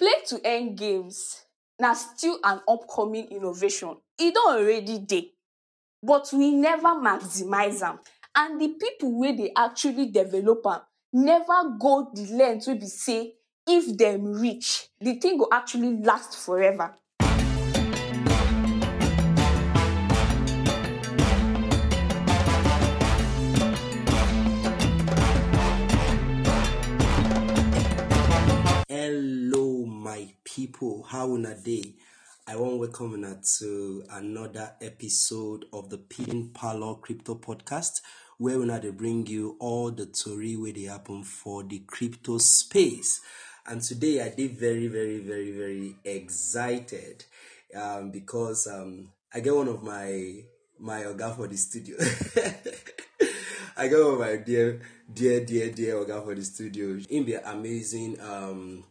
Play to earn games na still an upcoming innovation, e don already dey but we never maximize am and the people wey dey actually develop am never go the length wey be say if dem reach the thing go actually last forever. people, how una day? I want to welcome you to another episode of the Pin Palo Crypto Podcast, where we to bring you all the story where they happen for the crypto space. And today I did very, very, very, very excited um, because um, I get one of my my oga for the studio. I got one of my dear, dear, dear, dear oga for the studio. In be amazing. Um,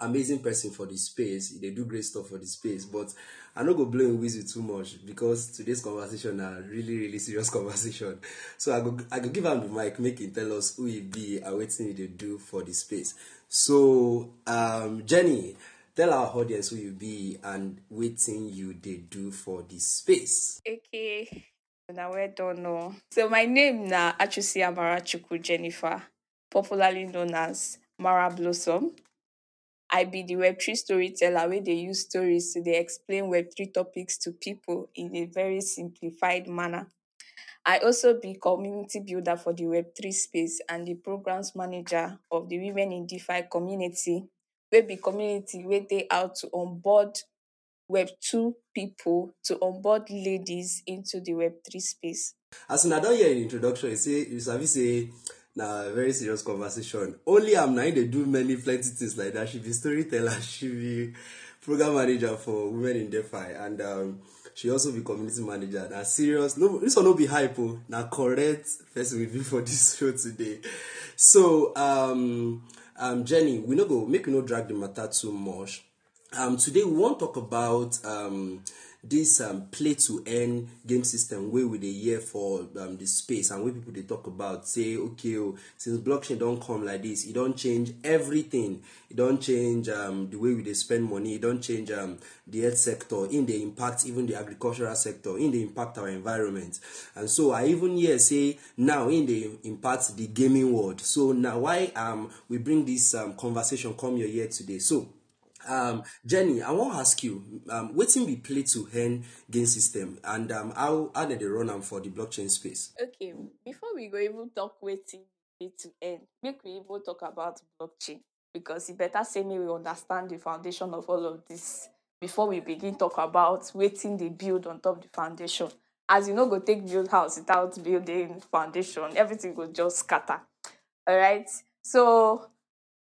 amazing person for the space They do great stuff for the space but i no go blow him whistle too much because today's conversation na really really serious conversation so i go i go give am the mic make him tell us who he be and wetin he dey do for the space so um, jenny tell our audience who you be and wetin you dey do for the space. okay una well done o oh. so my name na achusi amara chukwu jennifer popularly known as mara blossom I be the Web3 storyteller where they use stories to they explain Web3 topics to people in a very simplified manner. I also be community builder for the Web3 space and the programs manager of the Women in DeFi community Where be community where they out to onboard Web2 people to onboard ladies into the Web3 space. As una don hear im introduction, e say you sabi say na very serious conversation only am na im dey do many plenty things like that she be storyteller she be program manager for women in defi and um, she also be community manager na serious no this one no be hype o oh. na correct person we be for this show today so um, um, jenny we no go make we no drag the matter too much um, today we wan talk about um, dis play to earn game system wey we dey hear for um, the space and wey people dey talk about say okay o oh, since blockchain don come like this, e don change everything e don change um, the way we dey spend money e don change um, the health sector im e dey impact even the agricultural sector im e dey impact our environment and so i even hear say now im e dey impact the gaming world so na why um we bring dis conversation come your here today so um, Jenny, I wan ask you, um, wetin be play to earn gain system and um, how how dem dey run am for the blockchain space? Okay, before we go even talk wetin be to earn, make we even talk about blockchain because e better say make we understand the foundation of all of this before we begin talk about wetin dey build on top the foundation. As you no go take build house without building foundation, everything go just scatter. All right, so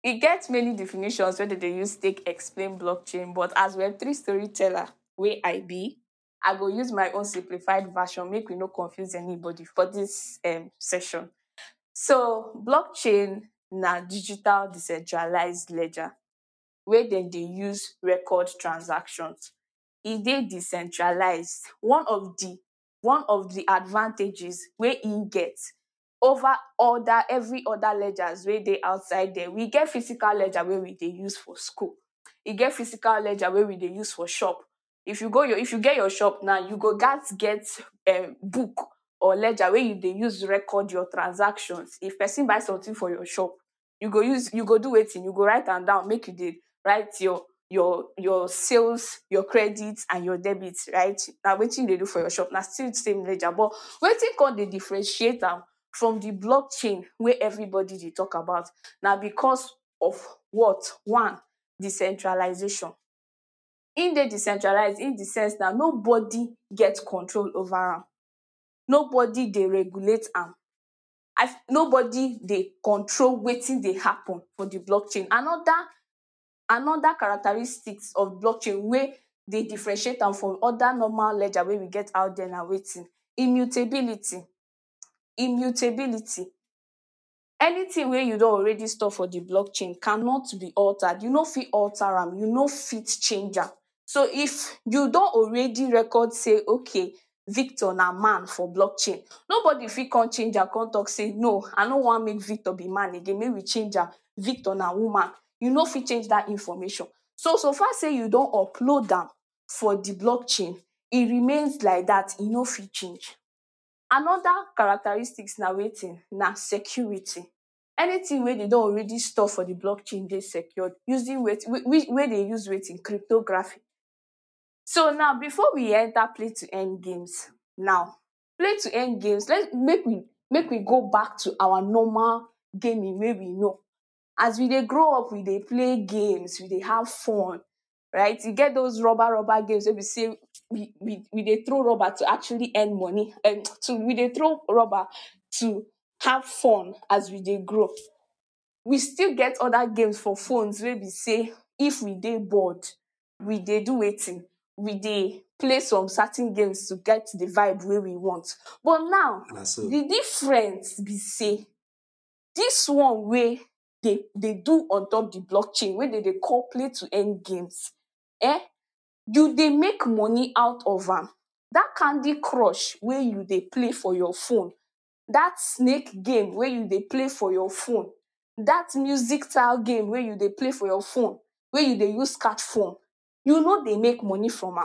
It e gets many definitions wey dem dey use take explain blockchain but as web3 storyteller way i be i go use my own simplified version make we no confuse anybody for this um, session so blockchain na digital decentralized ledger Where dem they use record transactions e dey decentralized one of the one of the advantages wey e get over other every other ledgers wey dey outside there we get physical ledger wey we dey use for school e get physical ledger wey we dey use for shop if you go your if you get your shop now you go gats get um, book or ledger wey you dey use record your transactions if person buy something for your shop you go use you go do wetin you go write am down make you dey write your your your sales your credit and your debit right na wetin you dey do for your shop na still same ledger but wetin come dey differentiate am from the blockchain where everybody they talk about. Now, because of what? One, decentralization. In the decentralized, in the sense that nobody gets control over them. Nobody they regulate them. I, nobody they control waiting they happen for the blockchain. Another another characteristics of blockchain where they differentiate them from other normal ledger where we get out there and waiting. Immutability. Immutability. Anything where you don't already store for the blockchain cannot be altered. You no fit alter am, you no fit change am. So if you don't already record say okay Victor na man for blockchain, nobody fit can change am contact. say no I no wan make Victor be man again maybe change am, Victor na woman. You no fit change that information. So so far say you don't upload them for the blockchain, it remains like that. You no fit change. Another characteristics na wetin? Na security. Anything wey dey don already store for the blockchain dey secured using wey dey use wetin? Cryptography. So now before we enter play to earn games now, play to earn games make we make we go back to our normal gaming wey we know. As we dey grow up we dey play games, we dey have fun, right? E get those rubber rubber games wey be sey we we, we they throw rubber to actually earn money and um, to we they throw rubber to have fun as we they grow we still get other games for phones where we say if we they bored we they do waiting we they play some certain games to get the vibe where we want but now so. the difference we say this one way they they do on top the blockchain where they, they call play to end games eh you they make money out of them. that candy crush where you they play for your phone that snake game where you they play for your phone that music style game where you they play for your phone where you they use cat phone you know they make money from am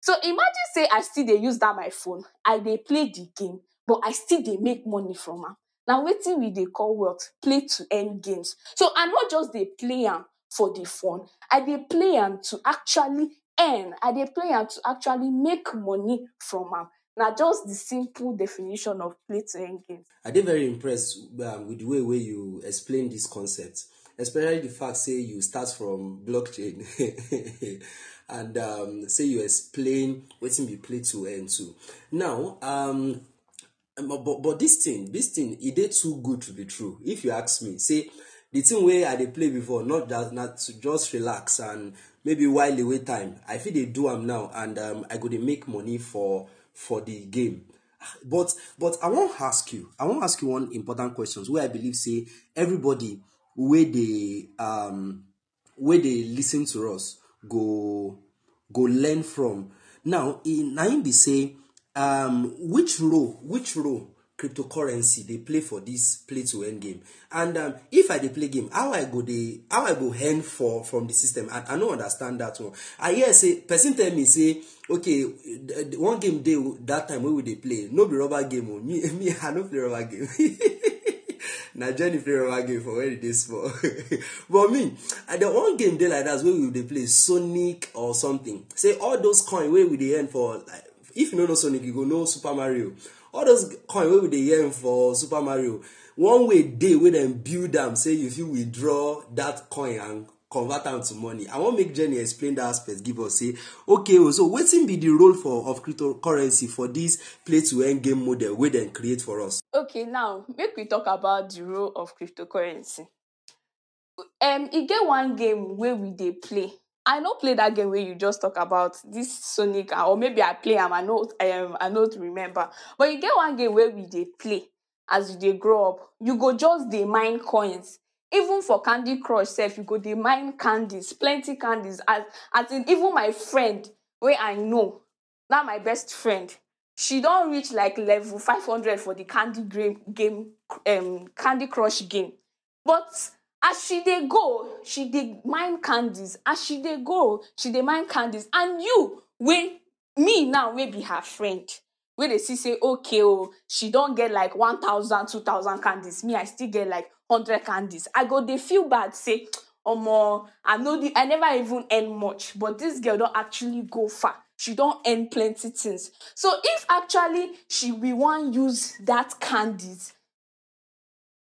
so imagine say i still they use that my phone i they play the game but i still they make money from Now wait till we they call wealth play to end games so i not just dey player for the phone, i they play am to actually earn, I dey play am to actually make money from am. Na just the simple definition of play to earn game. I dey very impressed um, with the way wey you explain this concept, especially the fact say you start from blockchain and um, say you explain wetin be play to earn too. Now, um, um but but this thing this thing e dey too good to be true if you ask me say the thing wey i dey play before not that na to just relax and maybe while away time i fit dey do am now and um, i go dey make money for for the game but but i wan ask you i wan ask you one important question wey i believe say everybody wey dey um, wey dey lis ten to us go go learn from now e, na im be say um, which role which role cryptocurrency dey play for this play to earn game and um, if i dey play game how i go dey how i go earn for from the system i, I no understand that one i hear say person tell me say okay one game dey that time wey we dey play no be rubber game o me me i no play rubber game na journey play rubber game for when e dey small but me the one game dey like that wey we dey play sonic or something say all those coin wey we dey earn for like if you no know sonic you go know super mario all those coin wey we dey earn for super mario one way dey wey dem build am say you fit withdraw that coin and convert am to money i wan make jenny explain that aspect give us say okay o oh, so wetin be the role for of cryptocurrency for this play to earn game model wey dem create for us. okay now make we talk about the role of cryptocurrency um e get one game wey we dey play I don't play that game where you just talk about this Sonic, ah, or maybe I play am I know um, I am. I not remember. But you get one game where we they play as they grow up. You go just dey mine coins. Even for Candy Crush self you go dey mine candies, plenty candies. As as in even my friend where I know, not my best friend, she don't reach like level five hundred for the Candy game, game um, Candy Crush game. But as she dey go she dey mind candies as she dey go she dey mind candies and you wey me now wey be her friend wey dey see say okay o oh, she don get like one thousand two thousand candies me i still get like hundred candies i go dey feel bad say omo i no i never even earn much but this girl don actually go far she don earn plenty things so if actually she be wan use that candies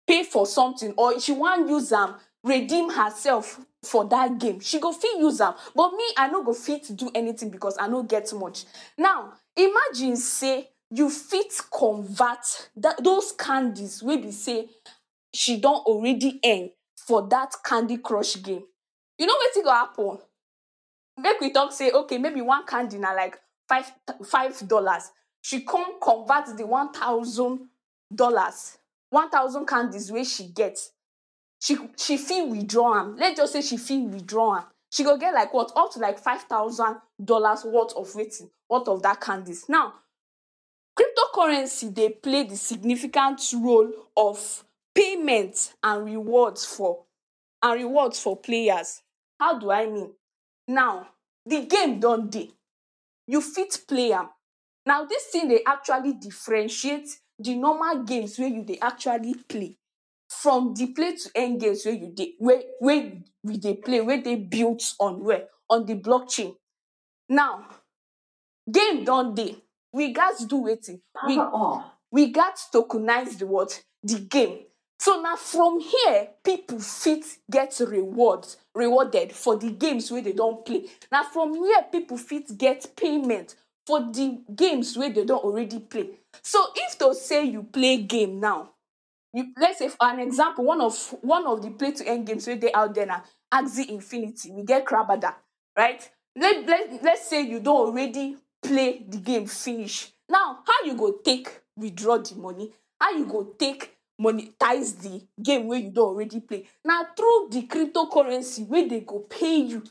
pay for something or she wan use am redeem herself for that game she go fit use am but me i no go fit do anything because i no get much now imagine say you fit convert that those candies wey be say she don already earn for that candy crush game you know wetin go happen make we talk say okay maybe one candy na like five five dollars she come convert the one thousand dollars one thousand candies wey she get she she fit withdraw am let's just say she fit withdraw am she go get like what up to like five thousand dollars worth of wetin worth of that candies now cryptocurrency dey play the significant role of payment and rewards for and rewards for players how do i mean now the game don dey you fit play am now this thing dey actually differentiate the normal games wey you dey actually play from the play to end games wey you dey wey wey we dey play wey dey built on where on the blockchain now game don dey we gats do wetin we we gats tokenize the what the game so na from here people fit get rewards rewarded for the games wey they don play na from here people fit get payment for the games wey they don already play so if to say you play game now you let's say for an example one of one of the play to earn games wey dey out there na axie infinity we get Krabada, right let let let's say you don already play the game finish now how you go take withdraw the money how you go take monetize the game wey you don already play na through the cryptocurrency wey they go pay you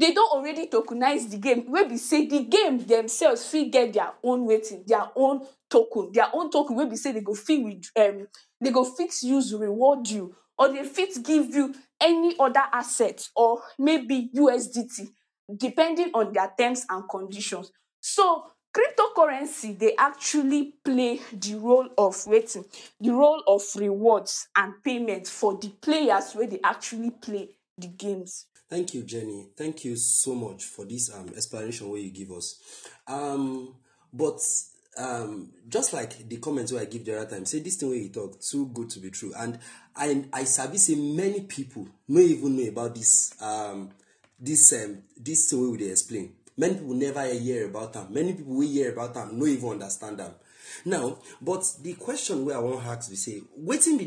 they don already tokenize the game wey be say the game themselves fit get their own rating, their own token their own token wey be say they go fit um, they go fit use reward you or they fit give you any other asset or maybe usdt depending on their terms and conditions so cryptocurrency dey actually play the role of rating, the role of rewards and payment for the players wey dey actually play the games Thank you, Jenny. Thank you so much for this um, explanation where you give us. Um, but um, just like the comments where I give the other time, say this thing where you talk too good to be true. And I I service many people no even know about this um this um this thing where they explain. Many people never hear about them. Many people will hear about them, no even understand them. Now, but the question where I want to ask, we say, waiting be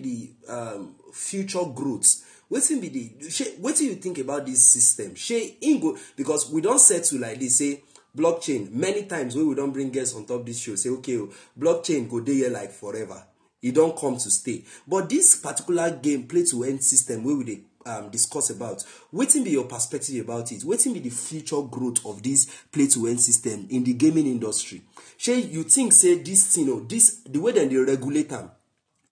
the um, future growth wetin be the wetin you think about this system shey im go because we don settle like this say blockchain many times wey we don bring guests on top this show say okay o oh, blockchain go dey here like forever e don come to stay but this particular game play to end system wey we dey um, discuss about wetin be your perspective about it wetin be the future growth of this play to end system in the gaming industry shey you think say this thing you oh, o this the way dem dey regulate am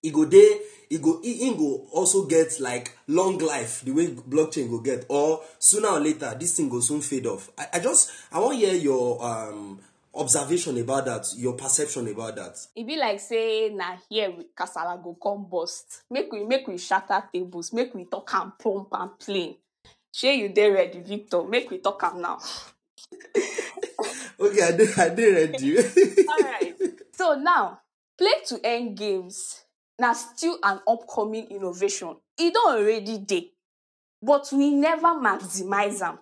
e go dey e go e go also get like long life the way blockchain go get or sooner or later this thing go soon fade off i, I just i wan hear your um, observation about that your perception about that. e be like say na here kasala go come burst make we make we shatter tables make we talk am pump and plain shey you dey ready victor make we talk am now. okay i dey i dey ready. all right so now play to end games na still an upcoming innovation e don already dey but we never maximize am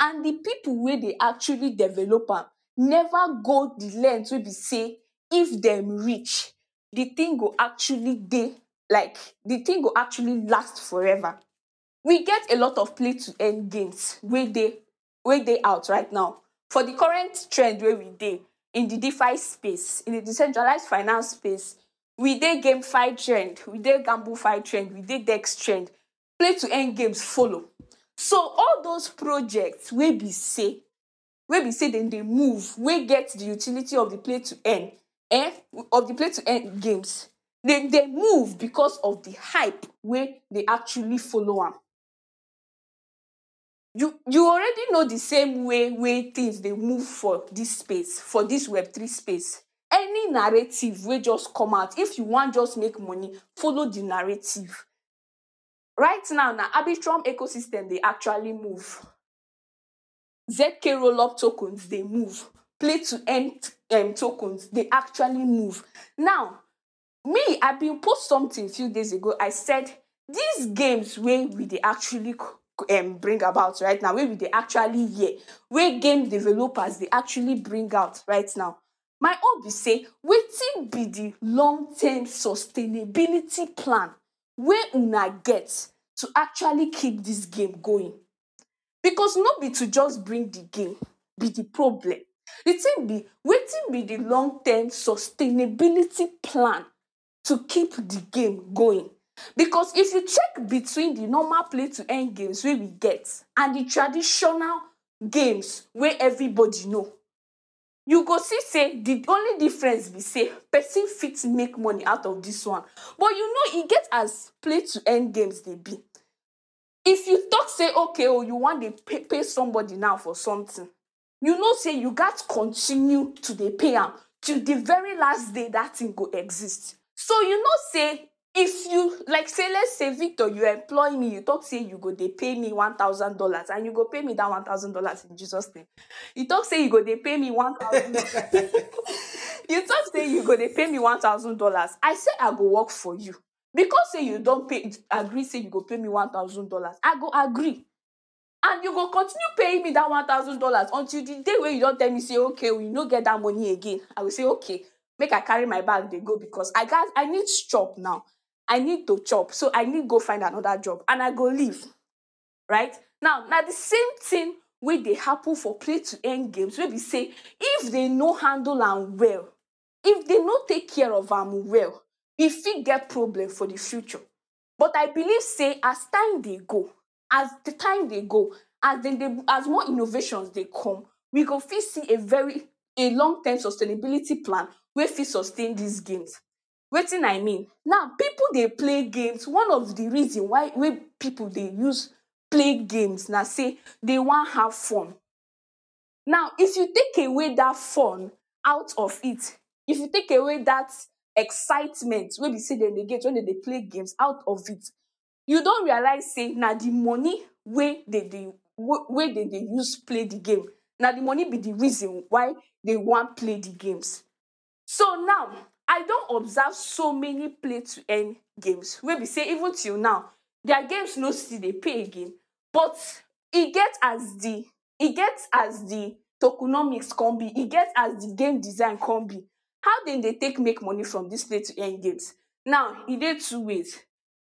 and the people wey dey actually develop am never go the length wey be say if dem reach the thing go actually dey like the thing go actually last forever we get a lot of play to end games wey dey wey dey out right now for the current trend wey we dey in the defi space in the decentralized finance space we did game fight trend we did gamble fight trend we did dex trend play to end games follow so all those projects wey be say wey be say then they move we get the utility of the play to end, eh of the play to end games then they move because of the hype where they actually follow them. you you already know the same way way things they move for this space for this web3 space any narrative wey just come out if you wan just make money follow the narrative right now na arbitrum ecosystem dey actually move zk roll up tokens dey move play to earn um, tokens dey actually move now me i bin post something few days ago i said these games wey we dey actually um, bring about right now wey we dey actually hear wey game developers dey actually bring out right now my own be say wetin be the long term sustainability plan wey una get to actually keep this game going because no be to just bring the game be the problem The thing be wetin be the long term sustainability plan to keep the game going because if you check between the normal play to earn games wey we get and the traditional games wey everybody know you go see say the only difference be say person fit make money out of this one but you know e get as play to earn games dey be if you talk say okay oh, you wan dey pay, pay somebody now for something you know say you gats continue to dey pay am till the very last day that thing go exist so you know say if you like say let's say victor you employ me you talk say you go dey pay me one thousand dollars and you go pay me that one thousand dollars in jesus name you talk say you go dey pay me one thousand you talk say you go dey pay me one thousand dollars i say i go work for you because say you don pay agree say you go pay me one thousand dollars i go agree and you go continue paying me that one thousand dollars until the day wey you don tell me say okay we no get that money again i go say okay make i carry my bag dey go because i gats i need chop now i need to chop so i need go find another job and i go leave right now now the same thing wey dey happen for play to earn games wey be say if they no handle am well if they no take care of am well e fit get problem for the future but i believe say as time dey go as the time dey go as dem dey as more innovations dey come we go fit see a very a long term sustainability plan wey fit sustain these games wetin i mean now people dey play games one of the reason why wey people dey use play games na say they wan have fun now if you take away that fun out of it if you take away that excitement wey be say dem dey get when dem dey play games out of it you don realize say na the money wey dem dey wey dem dey use play the game na the money be the reason why they wan play the games so now I don't observe so many play to end games Maybe be say even till now their games no see they pay again but it gets as the it gets as the tokenomics combi. be gets as the game design combi. be how then they take make money from this play to end games now e did two ways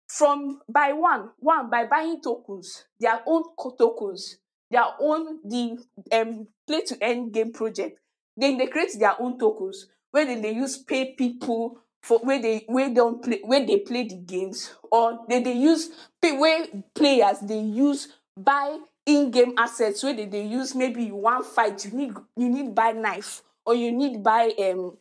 from by one one by buying tokens their own tokens their own the um play to end game project Then they create their own tokens wey dem dey use pay pipo for wey dey wey don play wey dey play di games or dem dey use pay wey players dey use buy in-game assets wey dem dey use maybe you wan fight you need you need buy knife or you need buy um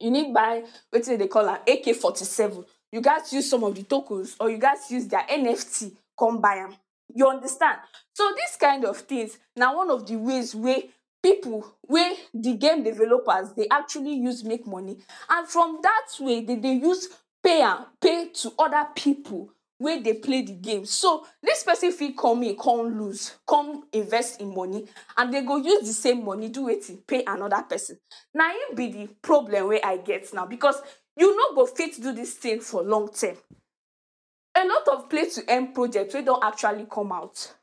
you need buy wetin dem dey call am ak forty-seven you gats use some of di tokens or you gats use their NFT come buy am you understand so dis kind of things na one of di ways wey people wey the game developers dey actually use make money and from that way they dey use pay am pay to other people wey dey play the game so this person fit come in come lose come invest in money and they go use the same money do wetin pay another person na im be the problem wey i get now because you no go fit do this thing for long term a lot of play to earn project wey don actually come out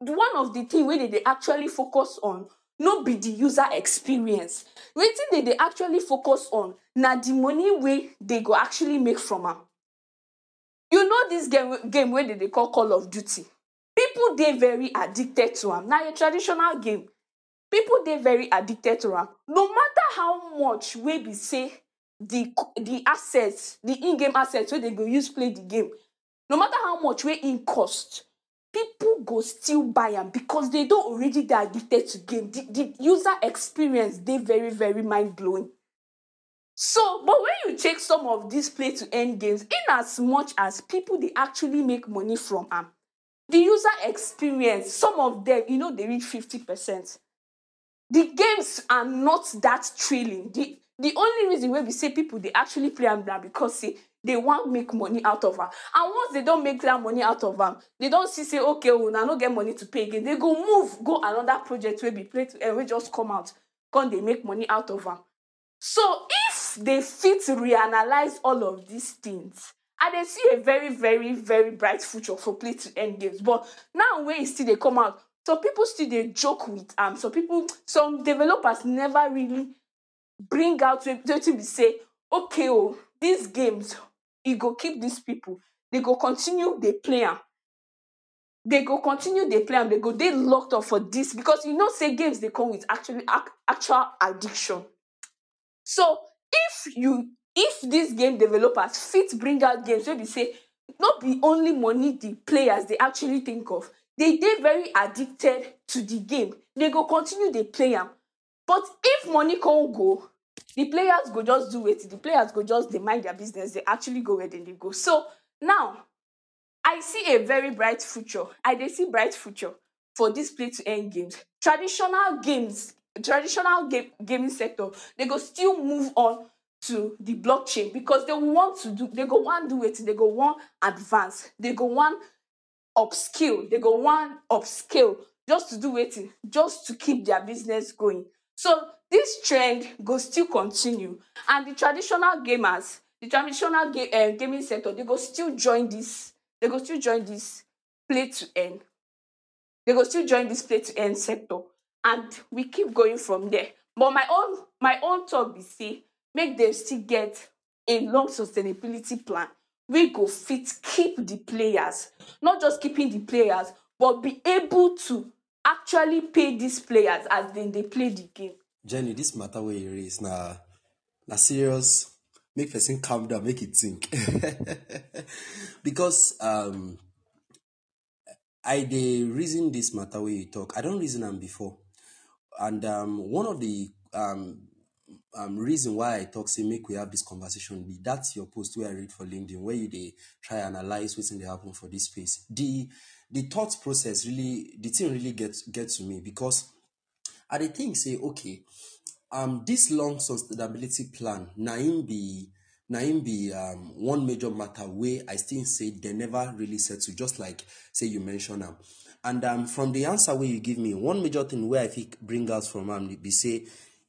one of the thing wey they dey actually focus on no be the user experience wetin they dey actually focus on na the money wey they go actually make from am you know this game game wey they dey call call of duty people dey very addicted to am na a traditional game people dey very addicted to am no matter how much wey be say the the assets the in-game assets wey they go use play the game no matter how much wey e cost people go still buy am because they don already dey addicted to game the the user experience dey very very mind blowing so but when you check some of these play to earn games in as much as people dey actually make money from am the user experience some of them you know, dey reach fifty percent the games are not that thrilling the the only reason wey be say people dey actually play am na because say they wan make money out of am and once they don make that money out of am they don see say okay o oh, una no get money to pay again they go move go another project wey be play to earn eh, wey just come out come dey make money out of am so if they fit reanalyze all of these things i dey see a very very very bright future for play to end games but now wey e still dey come out some people still dey joke with am some people some developers never really bring out wetin be say okay o oh, these games e go keep dis pipu dey go continue dey play am dey go continue dey play am dey go dey locked up for dis because you know say games dey come with actually actual addiction so if you if dis game developers fit bring out games wey be say no be only money di players dey actually think of dey dey very addicted to di game dey go continue dey play am but if money come go the players go just do it the players go just they mind their business They actually go where and they go so now i see a very bright future i see bright future for this play to end games traditional games traditional game gaming sector they go still move on to the blockchain because they want to do they go want do it they go want advance they go want upscale they go want upscale just to do it. just to keep their business going So this trend go still continue and the traditional gamers, the traditional ga uh, gaming sector, they go still join this, they go still join this play to earn. They go still join this play to earn sector and we keep going from there. But my own my own talk be say make them still get a long sustainability plan We go fit keep the players not just keeping the players but be able to actually pay these players as then they play the game. Jenny, this matter where you now, now serious. Make person calm down, make it think. because um, I the reason this matter where you talk. I don't reason them before, and um, one of the um, um, reason why I talk say make we have this conversation be that's your post where I read for LinkedIn where you they try analyze what's in the happen for this space. The the thought process really the thing really get get to me because i dey think say okay um this long sustainability plan na im be na im be um, one major matter wey i still say dem never really settle just like say you mention am and um, from the answer wey you give me one major thing wey i fit bring out from am be say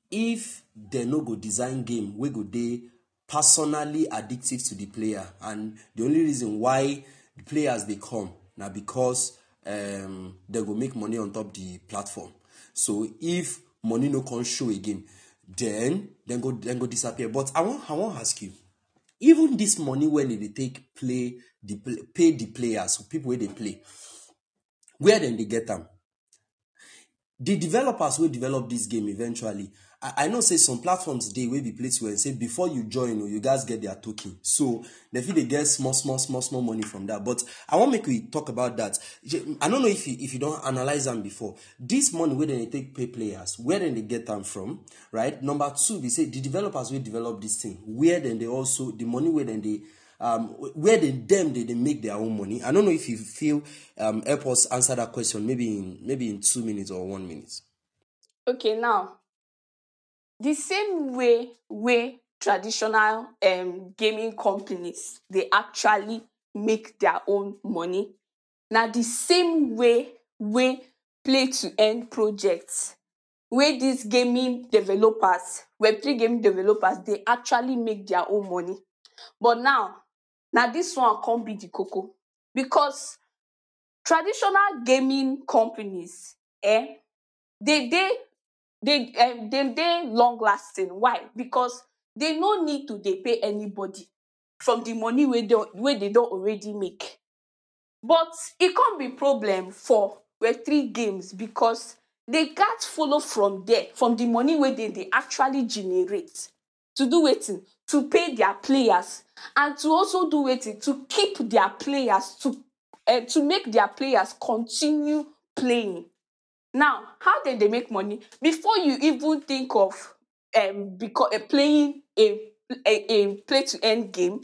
if dem no go design game wey go dey personally addictive to the player and the only reason why the players dey come na because um, dem go make money on top the platform so if money no come show again then then go then go disappear but i wan i wan ask you even this money wey dem dey take play the pay the players people wey dey play where dem dey get am the developers wey develop this game eventually I, I know say some platforms dey wey be place where say before you join oh, you guys get their token so dem fit dey get small small small small money from that but i wan make we talk about that i no know if you if you don analyse am before this money wey dem dey take pay players where dem dey get am from right number two be say the developers wey develop this thing where dem dey also the money wey dem dey um, where they, them they, they make their own money. I don't know if you feel um, help us answer that question maybe in maybe in two minutes or one minute. Okay, now The same way way traditional um gaming companies dey actually make their own money, na the same way wey play to earn project wey these gaming developers web three gaming developers dey actually make their own money. But now, na this one con be the koko because traditional gaming companies eh de dey they um, eh, they dey long lasting why because they no need to dey pay anybody from the money wey don wey they don already make but e come be problem for web3 games because they gats follow from there from the money wey they dey actually generate to do wetin to pay their players and to also do wetin to keep their players to uh, to make their players continue playing Now, how did they make money? Before you even think of um, because uh, playing a, a, a play to end game,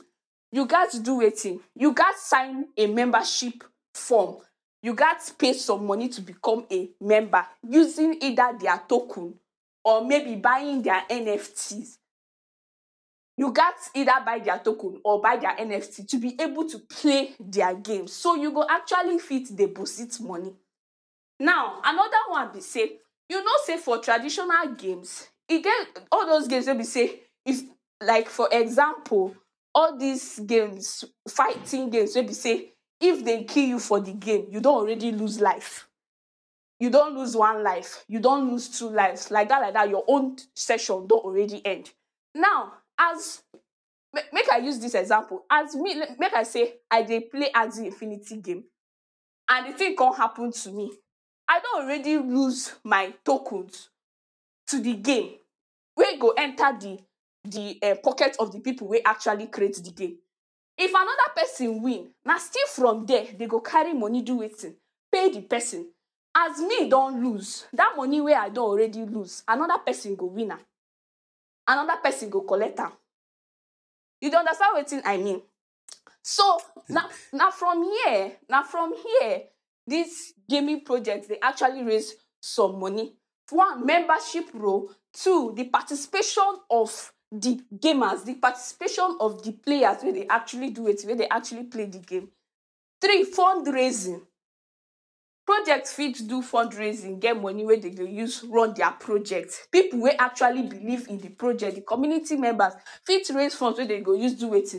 you got to do a thing. You got to sign a membership form. You got to pay some money to become a member using either their token or maybe buying their NFTs. You got to either buy their token or buy their NFT to be able to play their game. So you go actually fit deposit money. now another one be say you know say for traditional games e get all those games wey be say if like for example all these games fighting games wey be say if they kill you for the game you don already lose life you don lose one life you don lose two lives like that like that your own session don already end now as make i use this example as me make i say i dey play as the infinity game and the thing come happen to me I don already lose my tokens to the game wey go enter the the um, pocket of the people wey actually create the game. If another person win, na still from there they go carry money do wetin? Pay the person. As me don lose, that money wey I don already lose, another person go win am. Another person go collect am. You dey understand wetin I mean? So na hmm. na from here na from here these gaming projects they actually raise some money one membership role two the participation of the gamers the participation of the players where they actually do it where they actually play the game three fundraising project fit do fundraising get money where they dey use run their project people wey actually believe in the project the community members fit raise funds where they go use do it,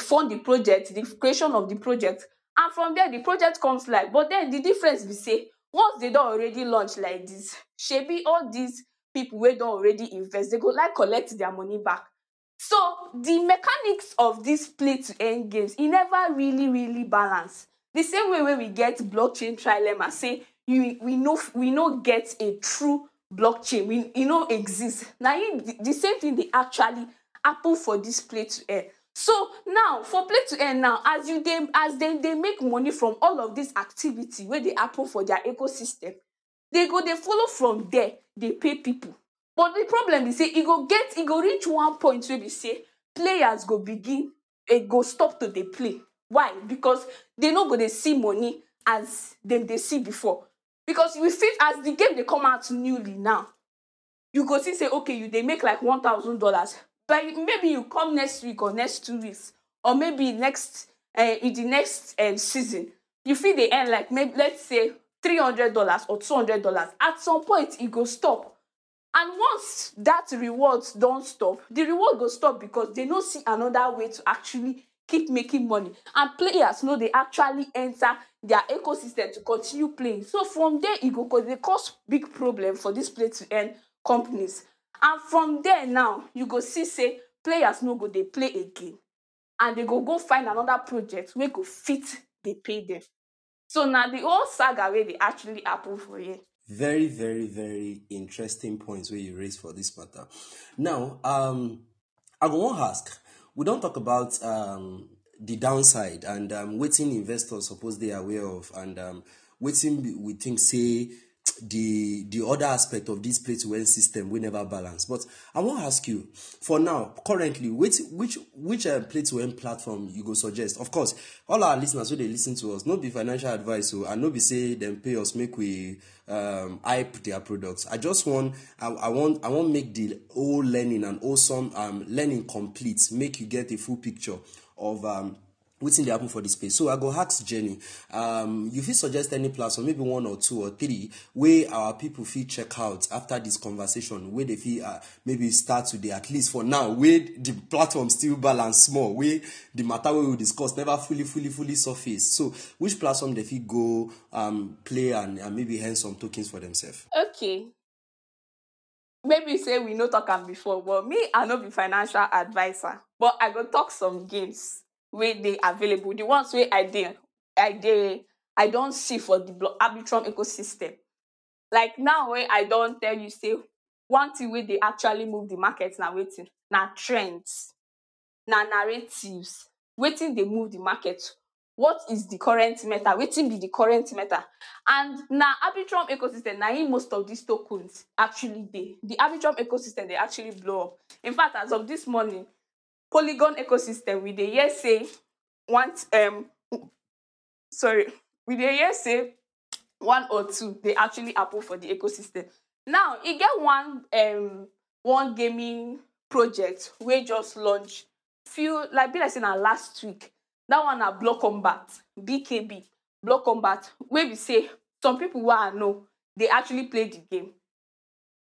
fund the project the creation of the project and from there the project comes live but then the difference be say once they don already launch like this shebi all these people wey don already invest they go like collect their money back so the mechanics of this play to earn games e never really really balance the same way wey we get blockchain trilemma say you we no we no get a true blockchain we e no exist na im the, the same thing dey actually happen for this play to earn so now for play to end now as you dey as dem dey make money from all of this activity wey dey happen for their ecosystem they go dey follow from there dey pay people but the problem be say e go get e go reach one point wey be say players go begin e go stop to dey play why because they no go dey see money as dem dey see before because you fit as the game dey come out newly now you go see say okay you dey make like one thousand dollars but maybe you come next week or next two weeks or maybe next uh, in the next um, season you feel the end like maybe let's say three hundred dollars or two hundred dollars at some point e go stop and once that reward don stop the reward go stop because they no see another way to actually keep making money and players no dey actually enter their ecosystem to continue playing so from there e go dey cause big problem for these play to earn companies and from there now you go see say players no go dey play again and they go go find another project wey go fit dey pay them so na the whole saga wey dey actually happen for here. very very very interesting points wey you raise for this matter now um, i go wan ask we don talk about um, the downside and um, wetin investors suppose dey aware of and um, wetin we think say the the other aspect of this play to win system we never balance but i wan ask you for now currently which which which um, play to end platform you go suggest of course all our listeners wey dey lis ten to us no be financial advice o oh, and no be say dem pay us make we um, hype their products i just wan i, I wan i wan make the whole learning and wholesome um, learning complete make you get a full picture of um, wetin dey happen for this space so i go ask jenny um, you fit suggest any platform maybe one or two or three wey our people fit check out after dis conversation wey dey fit uh, maybe start today at least for now wey di platform still balance small wey di matter wey we discuss never fully fully fully surface so which platform dey fit go um, play and, and maybe earn some tokens for themselves. okay maybe say we no talk am before but me i no be financial adviser but i go talk some games wey dey available the ones wey i dey i dey i don see for the arbitrum ecosystem like now wey i don tell you say one thing wey dey actually move the market na wetin na trends na narratives wetin dey move the market what is the current meta wetin be the current meta and na arbitrum ecosystem na im most of these tokens actually dey the arbitrum ecosystem dey actually blow up in fact as of this morning polygon ecosystem we dey hear say one um sorry we dey hear say one or two dey actually happen for the ecosystem now e get one um, one gaming project wey just launch few like be like say na last week that one na block combat bkb block combat wey be say some people wey i know dey actually play the game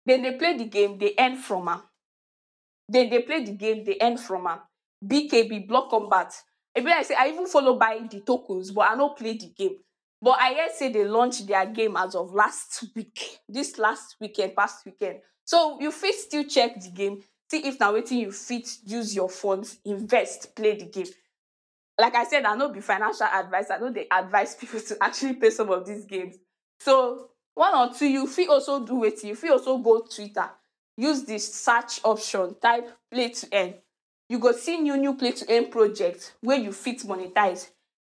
dem dey play the game dey earn from am Then they play the game, they end from a BKB, block combat. E be I say I even follow by the tokens, but I no play the game. But I hear say they launch their game as of last week, this last weekend, past weekend. So you fit still check the game, see if now waiting you fit use your funds invest, play the game. Like I said, I no be financial advice. I no they advise people to actually play some of these games. So one or two, you fit also do it. you fit also go Twitter use the search option type play to earn you go see new new play to earn project wey you fit monetize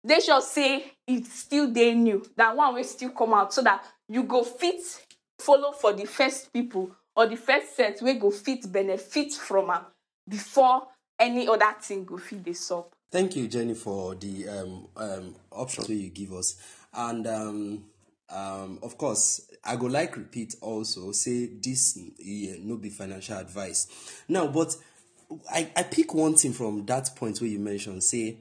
dey sure say e still dey new That one wey still come out so that you go fit follow for the first people or the first set wey go fit benefit from am before any other thing go fit dey sup. thank you jenny for the um, um, option wey you give us and um, um, of course i go like repeat also say this yeah, no be financial advice now but i i pick one thing from that point wey you mention say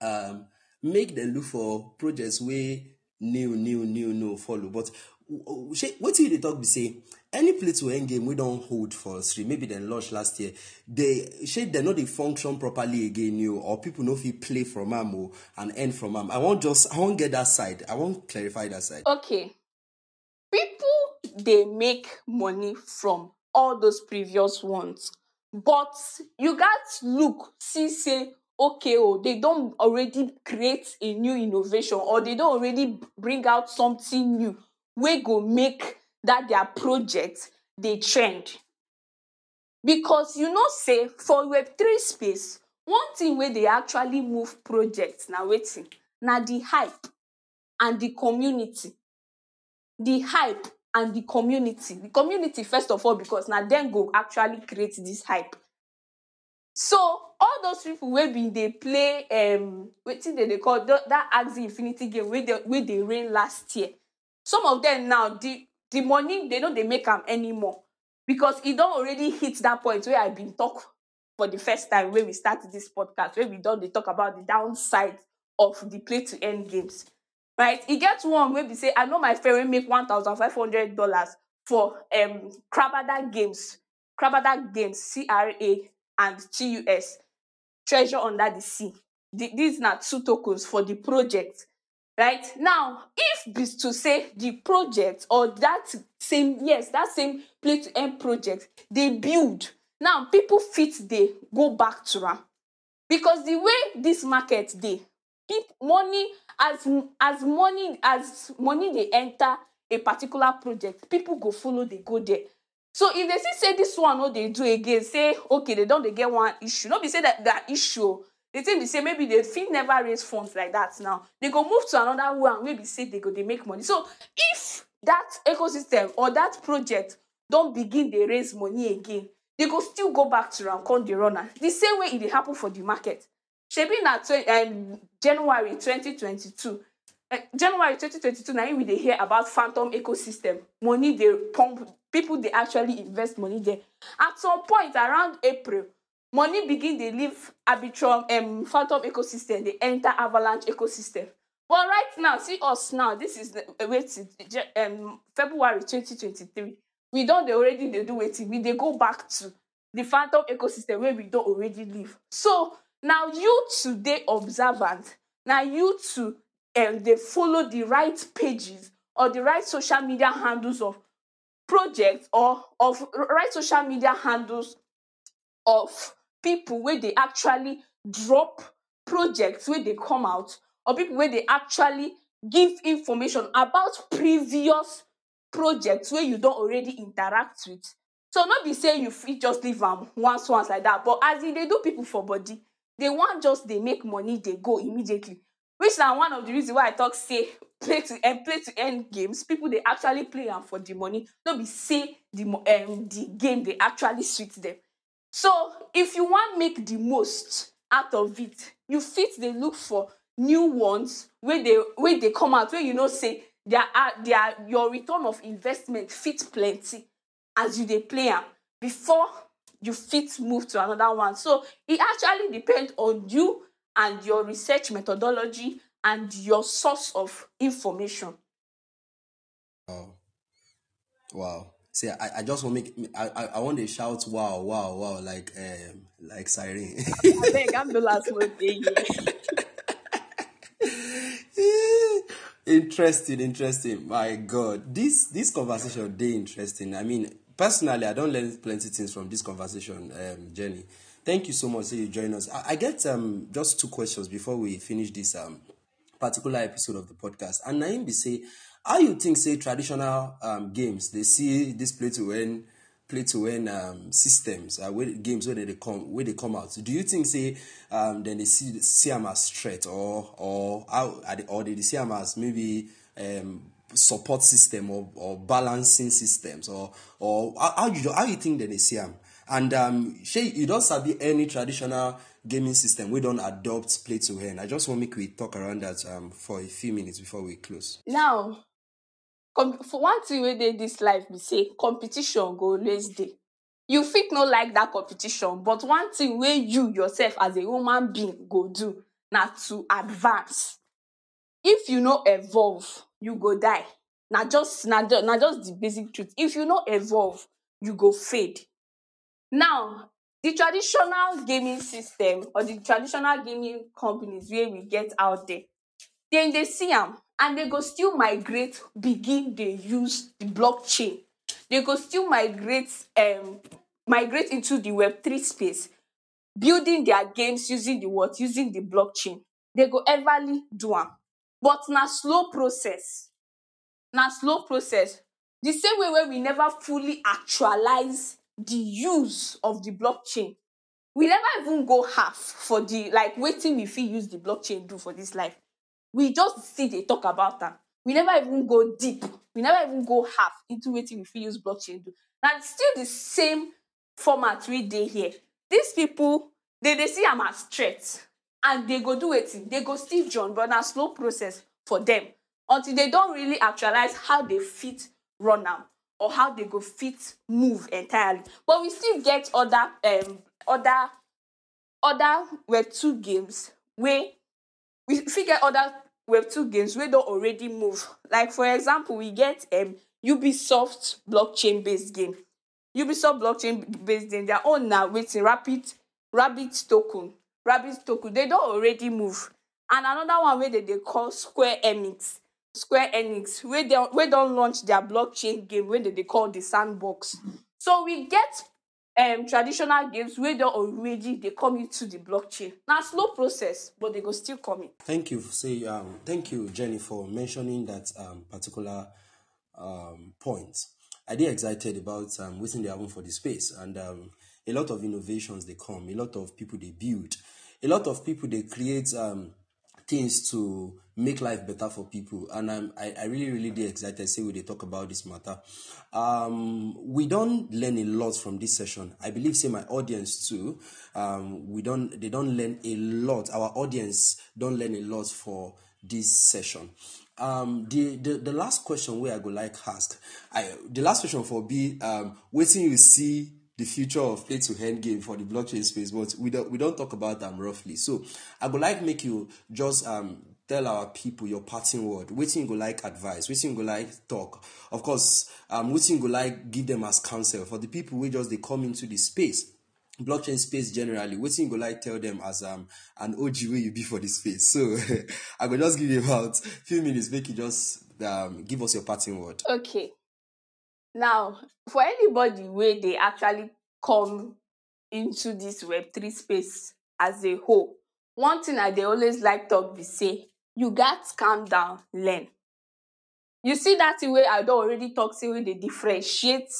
um, make dem look for projects wey new new new no follow but What you dey talk be say any place to end game we don't hold for stream maybe they launch last year shey they know they function properly again You or people know if you play from ammo oh, and end from am i won't just i won't get that side i won't clarify that side okay people they make money from all those previous ones but you got look see say okay oh they don't already create a new innovation or they don't already bring out something new wey go make dat their project dey trend. Because you know say for web three space one thing wey dey actually move project na wetin? Na the hype and the community. The hype and the community. The community first of all because na dem go actually create dis hype. So all those pipu wey been dey play um wetin dem dey call dat axie infinity game wey dey wey dey reign last year some of them now the the money they know they make them anymore because it don't already hit that point where I've been talk for the first time when we started this podcast when we don't talk about the downside of the play to end games right it gets one where we say I know my friend make one thousand five hundred dollars for um Krabada games Krabada games C R A and T U S treasure under the sea the, these are two tokens for the project right now if be to say the project or that same yes that same play to end project dey build now people fit dey go back to am because the way this market dey money as as money as money dey enter a particular project people go follow dey go there so if they see say this one no dey do again say okay they don dey get one issue no be say that that issue o the thing be say maybe they fit never raise funds like that now they go move to another one wey be say they go dey make money so if that ecosystem or that project don begin dey raise money again they go still go back to am come dey run am the same way e dey happen for the market shebi na um, january 2022 uh, eh, january 2022 na im we dey hear about phantom ecosystem money dey pump people dey actually invest money there at some point around april money begin dey leave arbitrum um, phantom ecosystem dey enter avalanche ecosystem but right now see us now this is uh, wetin um, february 2023 we don dey already dey do wetin we dey go back to the phantom ecosystem wey we don already leave so na you to dey observant na you to um, dey follow the right pages or the right social media handles of projects or of right social media handles of people where they actually drop projects where they come out or people where they actually give information about previous projects where you don't already interact with so not be say you fit just leave am once once like that but as e dey do people for body they wan just dey make money dey go immediately which na one of the reason why i talk say play to earn play to earn games people dey actually play am for the money no be say the um, the game dey actually sweet them so if you wan make the most out of it you fit dey look for new ones wey dey wey dey come out wey you know say their their your return of investment fit plenty as you dey play am before you fit move to another one so e actually depend on you and your research methodology and your source of information. Wow. wow. say I, I just want make I, I, I want to shout wow wow wow like um like siren. I beg ambulance will be Interesting, interesting. My God, this this conversation day interesting. I mean, personally, I don't learn plenty things from this conversation, um, Jenny. Thank you so much that you join us. I, I get um just two questions before we finish this um particular episode of the podcast. And Naim be say how you think say traditional um, games dey see this play to win play to win um, systems uh, wey games wey dey come wey dey come out do you think say um, dem dey see see am as threat or or how or dey see am as maybe um, support system or, or balancing systems or or how, how you how you think dem dey see am and um, shey you don sabi any traditional gaming system wey don adopt play to win i just wan make we talk around that um, for a few minutes before we close. now com for one thing wey dey dis life be say competition go always dey. You fit no like dat competition but one thing wey you yourself as a human being go do na to advance. If you no evolve, you go die. Na just na na just the basic truth. If you no evolve, you go fade. Now, the traditional gaming system or the traditional gaming companies wey we get out there, dem dey see am and they go still migrate begin dey use the blockchain they go still migrate um, migrate into the web three space building their games using the what using the blockchain they go everly do am but na slow process na slow process the same way wey we never fully actualize the use of the blockchain we never even go half for the like wetin we fit use the blockchain do for this life we just see dey talk about am we never even go deep we never even go half into wetin we fit use blockchain do na still the same format wey dey here these people they dey see am as threat and they go do wetin they go still join but na slow process for them until they don really actualize how they fit run am or how they go fit move entirely but we still get other um, other other web two games wey we fit get other web two games wey don already move like for example we get um, ubisoft blockchain based game ubisoft blockchain based game their own na wetin rapid rabbit token rabbit token they don already move and another one wey they dey call square enix square enix wey don wey don launch their blockchain game wey dem dey call the sandbox so we get um, traditional games wey don already dey come into the blockchain na slow process but they go still come in. thank you say um, thank you jenny for mentioning that um, particular um, point i dey excited about um, wetin dey happen for the space and um, a lot of innovations dey come a lot of people dey build a lot of people dey create um, things to make life better for people and i'm i, I really really dey excited say we they talk about this matter um, we not learn a lot from this session i believe say my audience too um, we not they don't learn a lot our audience don't learn a lot for this session um, the, the the last question we i go like ask i the last question for be um, waiting you see the future of play to hand game for the blockchain space, but we don't we don't talk about them roughly. So I would like make you just um tell our people your parting word. What you go like advice, waiting you go like talk. Of course, um waiting you go like give them as counsel for the people who just they come into the space. blockchain space generally What you go like tell them as um, an og wey you be for this space so i could just give you about few minutes make you just um, give us your parting word okay Now for anybody where they actually come into this web three space as a whole one thing I they always like to be say, you gat calm down learn. You see that the way I don already talk sey wey dey differentiate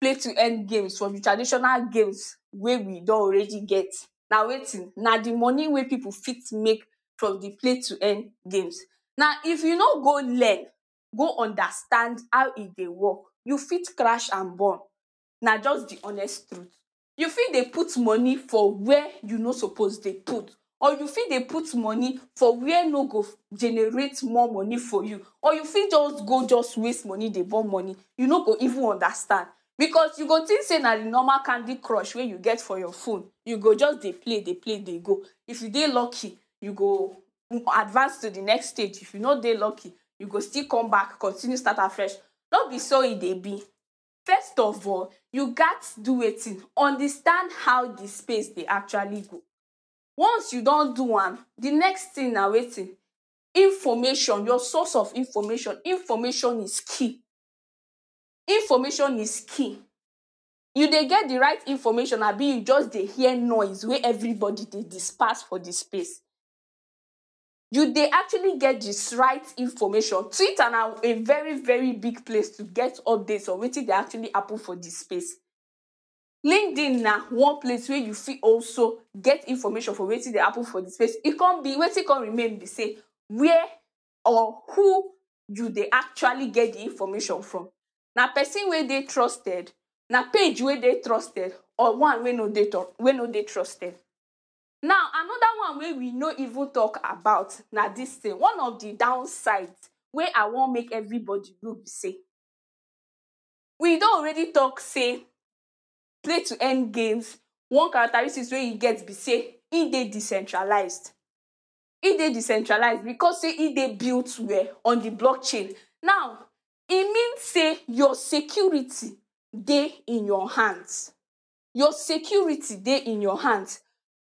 play to end games from the traditional games where we don already get na wetin Now, the money where people fit make from the play to end games. Now if you no go learn go understand how it e they work you fit crash and burn na just the honest truth you fit dey put money for where you no suppose dey put or you fit dey put money for where no go generate more money for you or you fit just go just waste money dey burn money you no go even understand because you go think say na the normal candy crush wey you get for your phone you go just dey play dey play dey go if you dey lucky you go advance to the next stage if you no dey lucky you go still come back continue start afresh no be so e dey be first of all you gats do wetin understand how the space dey actually go once you don do am the next thing na wetin information your source of information information is key information is key you dey get the right information abi you just dey hear noise wey everybody dey disperse for the space you dey actually get the right information twitter na a very very big place to get updates on wetin dey actually happen for the space linkedin na one place wey you fit also get information for wetin dey happen for the space e come be wetin come remain be say where or who you dey actually get the information from na person wey dey trusted na page wey dey trusted or one wey no dey wey no dey trusted now another one wey we no even talk about na this thing one of the downside wey i wan make everybody know be say we don already talk say play to end games one characteristics wey e get be say e dey decentralized e dey decentralized because say e dey built well on the blockchain now e mean say your security dey in your hands your security dey in your hands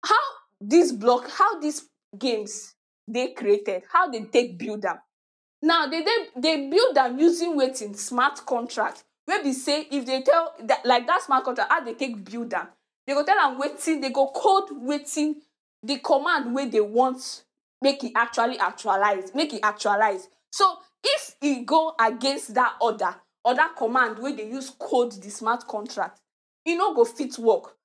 how this block how these games they created how they take build them. now they dey they build them using waiting smart contract wey be say if they tell that, like that smart contract how they take build them? they go tell them waiting. they go code waiting the command where they want make it e actually actualize make it e actualize so if e go against that order or that command where they use code the smart contract e no go fit work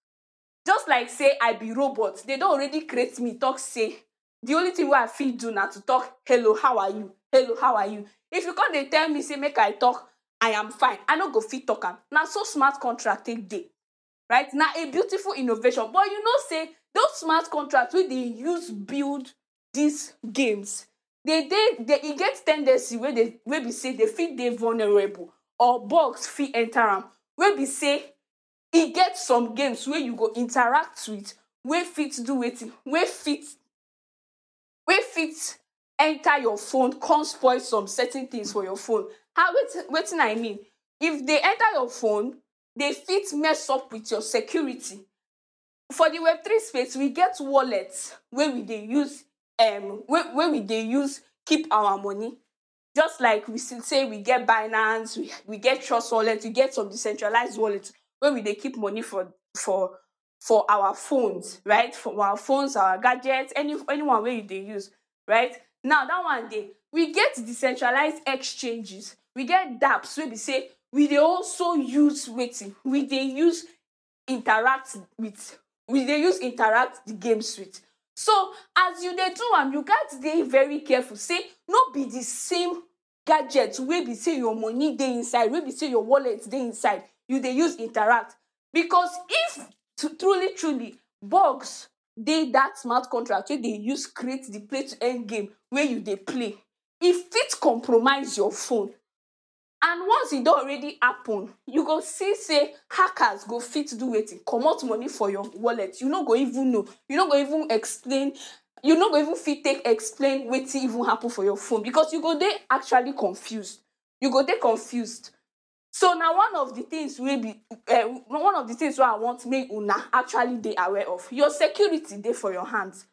just like say i be robot they don already create me talk say the only thing wey i fit do na to talk hello how are you hello how are you if you come dey tell me say make i talk i am fine i no go fit talk am na so smart contract take dey right na a beautiful innovation but you know say those smart contracts wey dey use build these games dey dey dey e get ten dency wey dey wey be say dey fit dey vulnerable or bugs fit enter am wey be say e get some games wey you go interact with wey fit do wetin wey fit wey fit enter your phone come spoil some certain things for your phone how wetin wetin i mean if they enter your phone they fit mess up with your security for the web three space we get wallet wey we dey use um, wey, wey we dey use keep our money just like we say we get binance we, we get trust wallet we get some decentralized wallet wey we dey keep money for for for our phones right for our phones our gadgets any anyone wey you dey use right now that one dey we get decentralized exchanges we get dapps wey be say we dey also use wetin we dey use interact with we dey use interact the games with so as you dey do am you gats dey very careful say no be the same gadget wey be say your money dey inside wey be say your wallet dey inside you dey use interact because if truly truly bugs dey that smart contract wey dey use create the play to earn game wey you dey play e fit compromise your phone and once e don already happen you go see say hackers go fit do wetin comot money for your wallet you no go even know you no go even explain you no go even fit take explain wetin even happen for your phone because you go dey actually confused you go dey confused so na one of the things wey be uh, one of the things wey i want make una actually dey aware of your security dey for your hands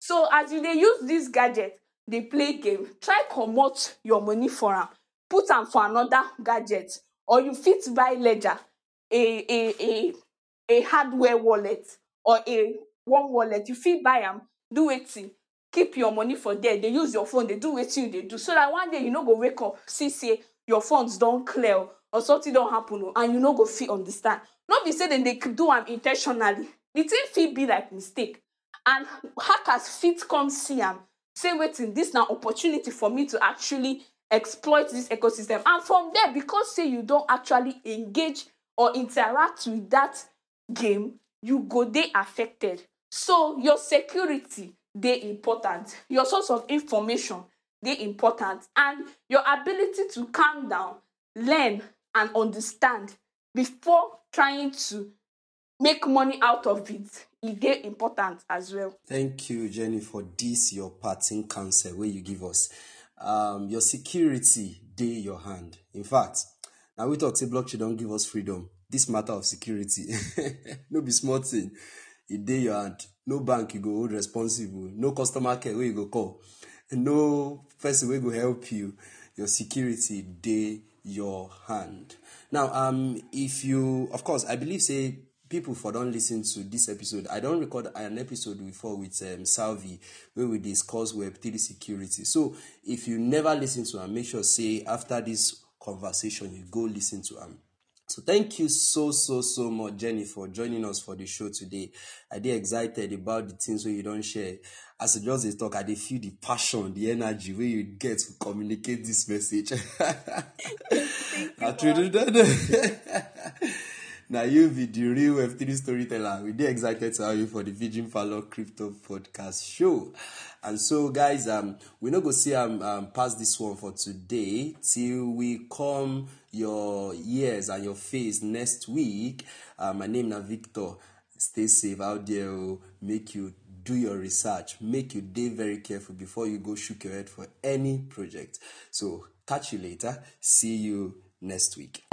so as you dey use this gadget dey play game try comot your money for am put am for another gadget or you fit buy ledger a a a a hardware wallet or a one wallet you fit buy am do wetin keep your money for there dey use your phone dey do wetin you dey do so that one day you no go wake up see say your funds don clear o or something don happen o oh, and you no go fit understand no be say dem dey do am intentionally. the thing fit be like mistake and hackers fit come see am say wetin this na opportunity for me to actually exploit this ecosystem and from there because say you don actually engage or interact with that game you go dey affected so your security dey important your source of information dey important and your ability to calm down learn and understand before trying to make money out of it e important as well. thank you jenny for this your parting counsel Where you give us um, your security day, your hand in fact now we talk say blockchain not give us freedom This matter of security no be small thing e day your hand no bank you go hold responsible no customer care wey you go call no person we go help you your security day your hand. Now, um, if you, of course, I believe say people for don't listen to this episode. I don't record an episode before with um, Salvi where we discuss Web3 security. So if you never listen to and make sure say after this conversation you go listen to them. So thank you so so so much, Jenny, for joining us for the show today. I did excited about the things where you don't share. As a just talk, I did feel the passion, the energy where you get to communicate this message. Thank you, Now you be the real Web3 storyteller. we did really excited to have you for the Virgin Fallow Crypto Podcast Show. And so, guys, um, we're not gonna see um, um past this one for today till we come your ears and your face next week. Uh, my name is Victor. Stay safe out there. Oh. Make you do your research. Make you day very careful before you go shook your head for any project. So catch you later. See you next week.